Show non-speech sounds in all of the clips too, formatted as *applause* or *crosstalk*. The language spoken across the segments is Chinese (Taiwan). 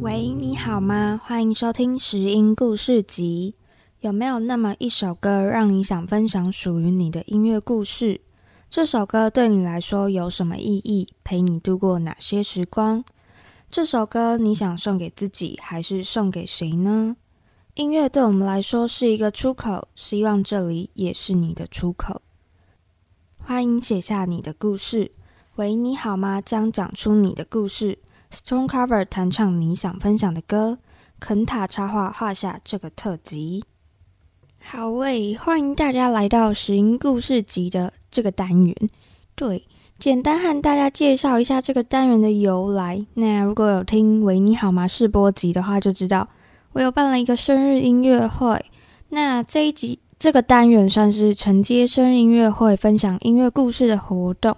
喂，你好嗎？歡迎收聽《拾音故事集》。有沒有那麼一首歌，讓你想分享屬於你的音樂故事？這首歌對你來說有什麼意義？陪你度過哪些時光？這首歌你想送給自己，還是送給誰呢？音樂對我們來說是一個出口，希望這裡也是你的出口。歡迎寫下你的故事。維尼好嗎講講出你的故事。Stone Cover 彈唱你想分享的歌。肯塔插畫畫下這個特輯。好喂、欸，歡迎大家來到《拾音故事集》的這個單元。對。簡單和大家介紹一下這個單元的由來。那如果有聽維尼好嗎試播集的話，就知道我有辦了一個生日音樂會。那這一集這個單元算是承接生日音樂會，分享音樂故事的活動。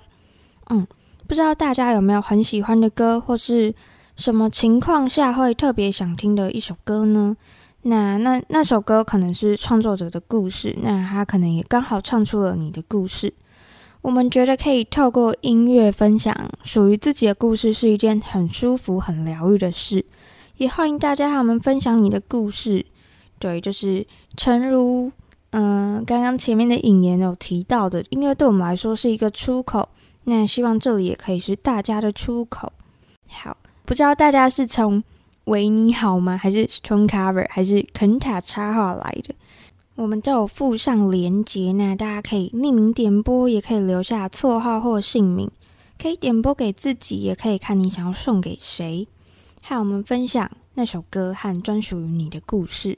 嗯，不知道大家有沒有很喜歡的歌，或是什麼情況下會特別想聽的一首歌呢？那那那首歌可能是創作者的故事，那他可能也剛好唱出了你的故事。我們覺得可以透過音樂分享屬於自己的故事，是一件很舒服、很療癒的事。也歡迎大家和我們分享你的故事。對，就是誠如嗯、呃，剛剛前面的引言有提到的，音樂對我們來說是一個出口。那希望這裡也可以是大家的出口。好，不知道大家是從維尼好嗎，還是 Stone Cover，還是肯塔插畫來的？我們就附上連結，那大家可以匿名點播，也可以留下綽號或姓名，可以點播給自己，也可以看你想要送給誰。還有，我們分享那首歌和專屬於你的故事。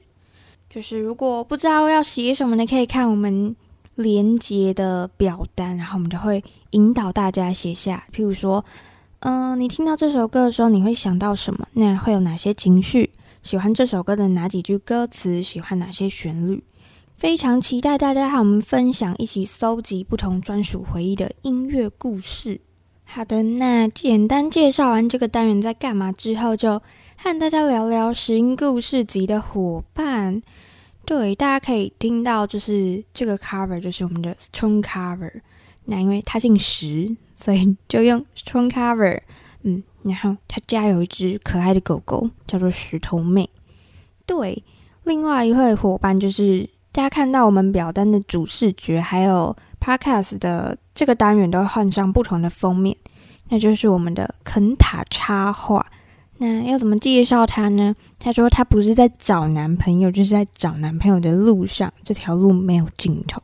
就是如果不知道要寫什麼的，可以看我們連結的表單，然後我們就會引導大家寫下。譬如說，嗯、呃，你聽到這首歌的時候，你會想到什麼？那會有哪些情緒？喜歡這首歌的哪幾句歌詞？喜歡哪些旋律？非常期待大家和我們分享，一起蒐集不同專屬回憶的音樂故事。好的，那簡單介紹完這個單元在幹嘛之後，就和大家聊聊拾音故事集的夥伴。對，大家可以聽到就是這個 cover，就是我們的 Stone Cover。那因為他姓石，所以就用 Stone Cover。嗯，然後他家有一隻可愛的狗狗，叫做石頭妹。對，另外一位夥伴就是。大家看到我們表單的主視覺，還有 Podcast 的這個單元，都換上不同的封面，那就是我們的肯塔插畫。那要怎麼介紹他呢？他說他不是在找男朋友，就是在找男朋友的路上，這條路沒有盡頭，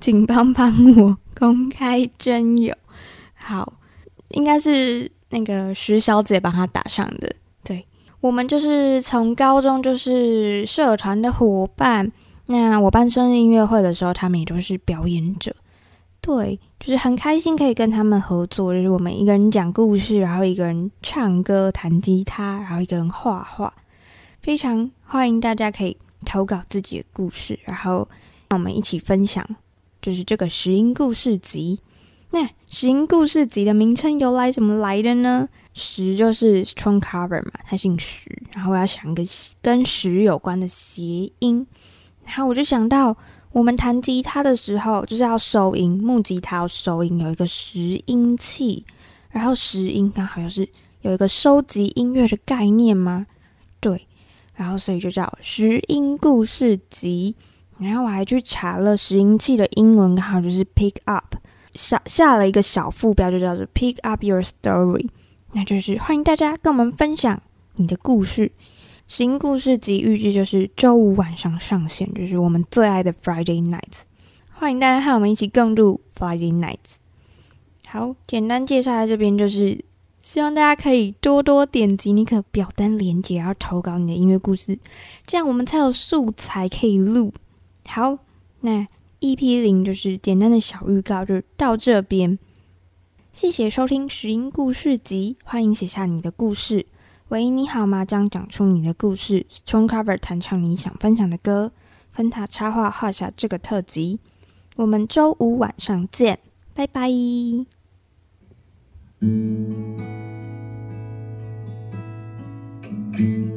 請幫幫我公開徵友。好，應該是那個徐小姐幫他打上的。對，我們就是從高中就是社團的夥伴。那我辦生日音樂會的時候，他們也都是表演者，對，就是很開心可以跟他們合作。就是我們一個人講故事，然後一個人唱歌、彈吉他，然後一個人畫畫。非常歡迎大家可以投稿自己的故事，然後讓我們一起分享，就是這個拾音故事集。那拾音故事集的名稱由來怎麼來的呢？石就是 stone cover 嘛，他姓石，然後我要想一個跟石有關的諧音。然後我就想到，我們彈吉他的時候就是要收音，木吉他要收音有一個拾音器，然後拾音剛好像是有一個收集音樂的概念嗎？對，然後所以就叫拾音故事集。然後我還去查了拾音器的英文，剛好就是 pick up，下下了一個小副標就叫做 pick up your story，那就是歡迎大家跟我們分享你的故事。《拾音故事集》預計就是周五晚上上線，就是我們最愛的 Friday Nights，歡迎大家和我們一起共度 Friday Nights。好，簡單介紹在這邊就是，希望大家可以多多點擊那個表單鏈接，然後投稿你的音樂故事，這樣我們才有素材可以錄。好，那 EP 零就是簡單的小預告，就是到這邊。謝謝收聽《拾音故事集》，歡迎寫下你的故事。維尼好嗎，麻將，講出你的故事 stone cover 彈唱你想分享的歌，肯塔插畫畫下這個特輯，我們周五晚上見，拜拜。 *music*